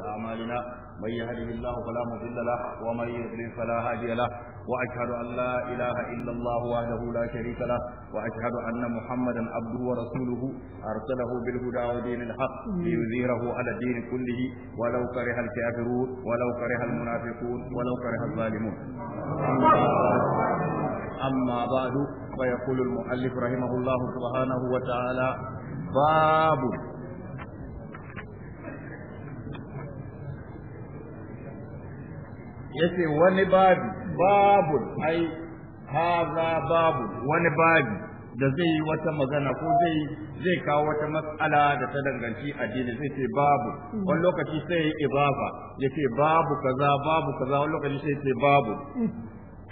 أعمالنا من يهده الله فلا مضل له ومن يضلل فلا هادي له وأشهد أن لا إله إلا الله وحده لا شريك له وأشهد أن محمدا عبده ورسوله أرسله بالهدى ودين الحق ليظهره على الدين كله ولو كره الكافرون ولو كره المنافقون ولو كره الظالمون أما بعد فيقول المؤلف رحمه الله سبحانه وتعالى باب yace wani babi babu ai haza babu wani babi da zai yi wata magana ko zai zai kawo wata matsala da ta danganci addini zai ce babu wani lokaci sai ya ibafa babu kaza babu kaza wani lokaci sai ce babu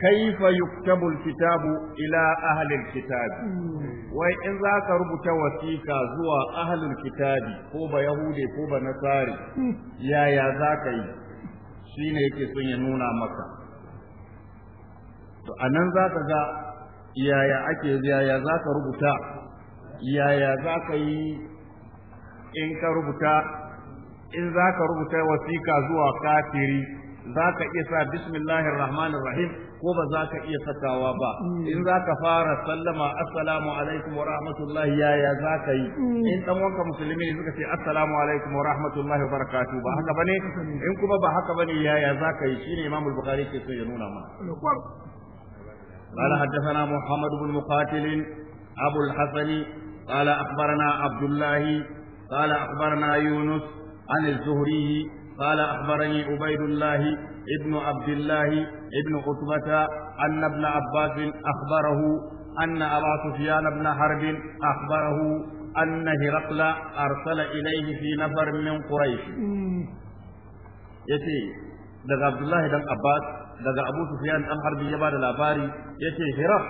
kaifa yuktabu kitabu ila ahli kitabi wai in za ka rubuta wasiƙa zuwa ahli kitabi ko ba yahude ko ba nasari yaya za ka yi Shi ne yake son ya nuna maka to anan ka ga yaya ake yaya ka rubuta yaya za ka yi in ka rubuta in za ka rubuta wasiƙa zuwa kafiri za ka iya sa bismillahir rahmanir rahim ko ba za ka iya sakawa ba mm. in za ka fara sallama assalamu alaikum wa rahmatullahi yaya za ka yi mm. in dan wanka musulmi ne suka ce assalamu alaikum wa rahmatullahi wa barakatuh ba haka bane mm. in kuma ba haka bane yaya za ka yi shine imam al-bukhari ke so ya nuna mana قال حدثنا محمد بن مقاتل أبو الحسن قال أخبرنا عبد الله قال أخبرنا يونس عن الزهري قال أخبرني عبيد الله ابن عبد الله ابن عتبة أن ابن عباس أخبره أن أبا سفيان بن حرب أخبره أن هرقل أرسل إليه في نفر من قريش يتي daga Abdullahi dan Abbas daga Abu Sufyan dan Harbi ya bada labari yace Hirak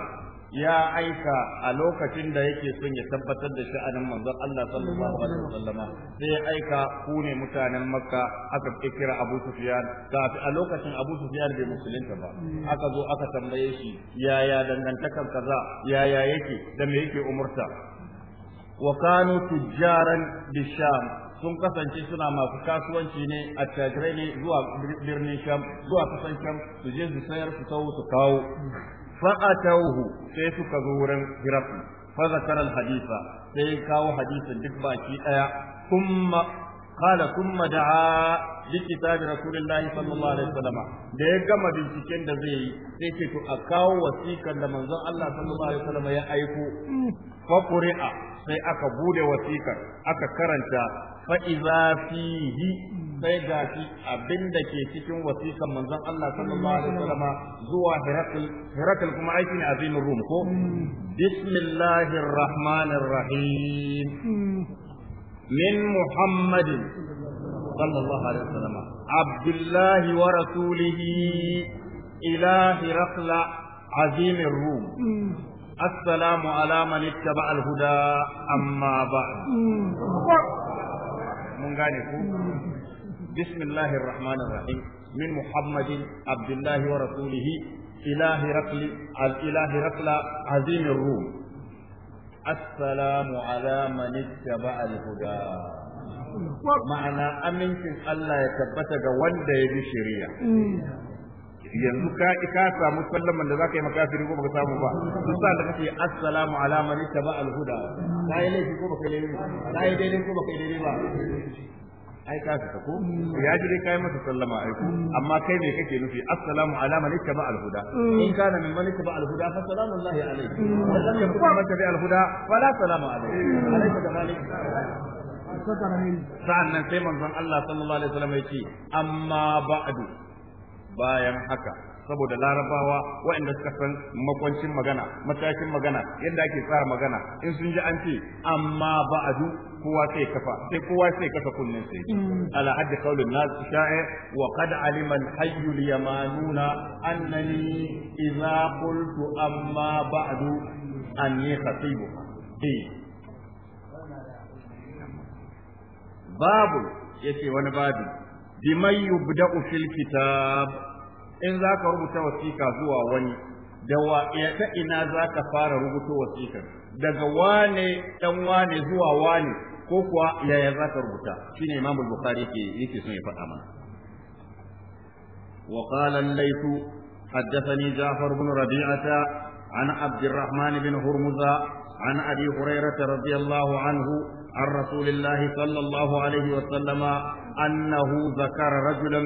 ya aika a lokacin da yake son ya tabbatar da sha'anin manzon Allah sallallahu alaihi wasallam sai ya aika ku ne mutanen Makka aka kira Abu Sufyan kafi a lokacin Abu Sufyan bai musulunta ba aka zo aka tambaye shi yaya dangantakar kaza yaya yake da me yake umurta wa kanu tujjaran bisham sun kasance suna masu kasuwanci ne a tajirai ne zuwa birnin sham zuwa kasan sham su je su sayar su sau su kawo fa'atauhu sai suka zo wurin hirafi fa zakara hadisa sai kawo hadisin duk baki ɗaya, kuma qala kuma da'a bi kitabi rasulillahi sallallahu alaihi wasallam ya gama binciken da zai yi sai ce to a kawo wasikan da manzon Allah sallallahu alaihi wasallam ya aiko fa sai aka bude wasikar aka karanta fa iza sai ga shi abin da ke cikin wasiƙan manzon Allah sallallahu alaihi wasallam zuwa Herakl Herakl kuma aiki ne azimin Rum ko bismillahir rahmanir rahim min muhammadin sallallahu alaihi wasallam abdullahi wa rasulihi ila Herakl azimin Rum السلام على من اتبع الهدى أما بعد mun gane ko بسم الله الرحمن الرحيم من محمد عبد الله ورسوله إلى هرقل إلى هرقل عظيم الروم السلام على من اتبع الهدى ma'ana amincin Allah ya tabbata ga wanda ya bi shari'a yanzu ka ka samu sallaman da zaka yi makafiri ko baka samu ba duk sa da kace assalamu ala man ittaba al-huda sai laifi ko baka laifi sai daidai ko baka daidai ba ai ka fita tako. ya ji dai kai masa sallama ai amma kai me kake nufi assalamu ala man ittaba al huda in kana min man ittaba al huda fa salamu allahi alayhi wa lam yakun man ittaba al huda fala salamu alayhi alayka kamalik sa'annan sai manzon Allah sallallahu alaihi wasallam yake amma ba'du bayan haka saboda larabawa waɗanda suka san makwancin magana matakin magana yadda ake tsara magana in sun ji an ce amma ba'adu kowa sai kafa sai kowa sai kafa kunnen sai mm. ala haddi qaulun nas sha'i wa qad alima al-hayy yamanuna annani idza qultu amma ba'du anni khatibu eh. babu yace wani babu biman yubda'u fil kitab in za ka rubuta wasiƙa zuwa wani da ta ina za ka fara rubuta wasiƙa? daga wane ɗan wane zuwa wane ko kuwa yaya za ka rubuta shi ne imamul ke yi, yake sun ya faɗa mana Waƙalan laifu, al-laythu ja'far bin rabi'ata an bin hurmuza an abi hurairah radiyallahu anhu an رسول sallallahu alaihi الله عليه وسلم أنه ذكر رجلا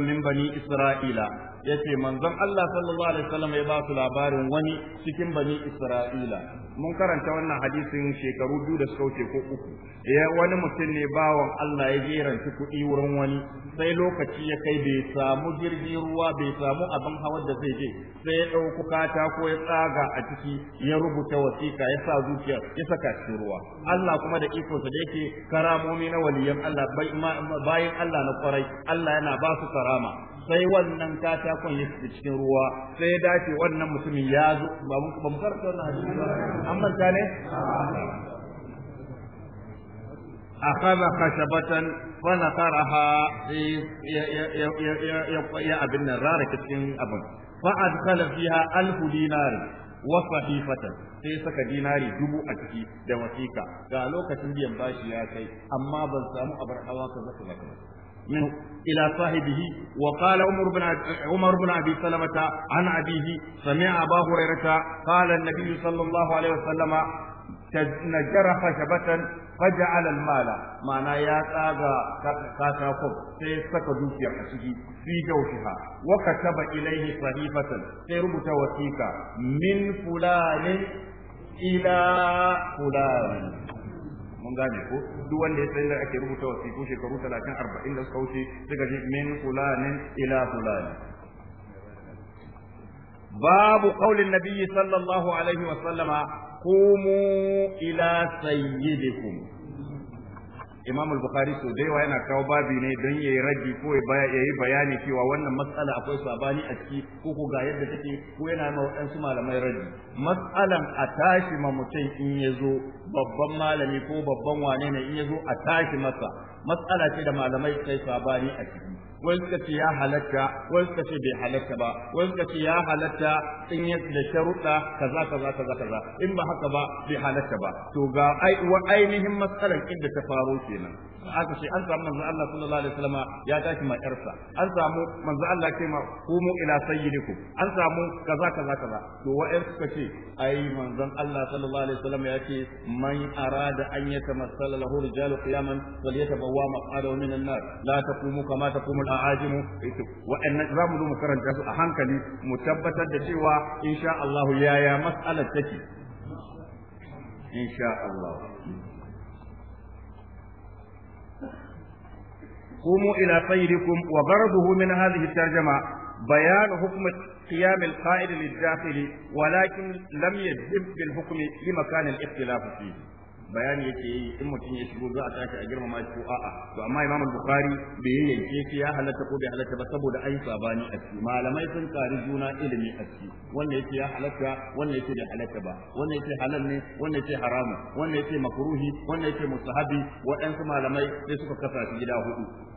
Isra'ila. yace manzon Allah sallallahu alaihi wasallam ya ba su labarin wani cikin bani Isra'ila mun karanta wannan hadisin shekaru biyu da suka ko uku ya wani mutum ne bawan Allah ya jeranci kuɗi wurin wani sai lokaci ya kai bai samu jirgin ruwa bai samu abin hawar da zai je sai ya ɗauko katako ya tsaga a ciki ya rubuta wasiƙa ya sa zuciya ya saka shi ruwa Allah kuma da ikonsa da yake karamomi na waliyan Allah bayan Allah na kwarai Allah yana ba su karama sai wannan katakon ya fita cikin ruwa sai ya dace wannan mutumin ya zo ba mu ba mu karanta wannan hadisi ba an manta ne akhadha khashabatan fa nakaraha ya abin nan rara cikin abin fa adkhala fiha alf dinar wa sahifatan sai saka dinari dubu a ciki da wasiƙa ga lokacin biyan bashi ya kai amma ban samu abar hawa ka zaka ba منه إلى صاحبه وقال عمر بن عمر بن أبي سلمة عن أبيه سمع أبا هريرة قال النبي صلى الله عليه وسلم نجر خشبة فجعل المال معنى يا تاغا كاتاكم سي سكا دوكيا حسيكي في جوفها وكتب إليه صحيفة سي ربط وثيقة من فلان إلى فلان mun gane ko duk wanda ya san da ake rubuta wasiku shekaru 30 40 da suka wuce daga min fulanin ila fulani babu qaulin nabiyyi sallallahu alaihi wa sallama qumu ila sayyidikum Imam al-Bukhari so da yawa yana kawo babi ne don yayi raji ko yayi bayani cewa wannan matsala akwai sabani a ciki ko ko ga yadda take ko yana ma wadansu malamai raji matsalan a tashi ma mutum in ya zo babban malami ko babban wane ne in ya zo a tashi masa matsala ce da malamai sai sabani a ciki wai suka ce ya halatta wai suka ce bai halatta ba wai suka ce ya halatta in ya da sharuɗa kaza kaza kaza kaza in ba haka ba bai halatta ba to ga ainihin matsalar inda ta faro kenan aka ce an samu manzo Allah sallallahu alaihi wasallam ya tashi ma yarsa an samu manzo Allah ke ma kumu ila sayyidikum an samu kaza kaza kaza to wa'in suka ce ai manzon Allah sallallahu alaihi wasallam ya ce man arada an yatamassala lahu rijalu qiyaman falyatabawwa minan nar la taqumu kama taqumu al-aajim eh zamu zo mu karanta su a hankali mu tabbatar da cewa insha Allah yaya mas'alar take insha Allah قوموا إلى طيركم وغرضه من هذه الترجمة بيان حكم قيام القائد للداخل ولكن لم يجب بالحكم لمكان الاختلاف فيه bayani yake yi in mutum ya shigo za a tashi a girmama shi ko a'a to amma imam bukhari bai yanke shi ya halatta ko bai halatta ba saboda an sabani a ciki malamai sun kari juna ilimi a ciki wanda yake ya halatta wanda yake bai halatta ba wanda yake halal ne wanda yake haramu wanda yake makruhi wanda yake mustahabi waɗansu malamai sai suka kasa shi gida hudu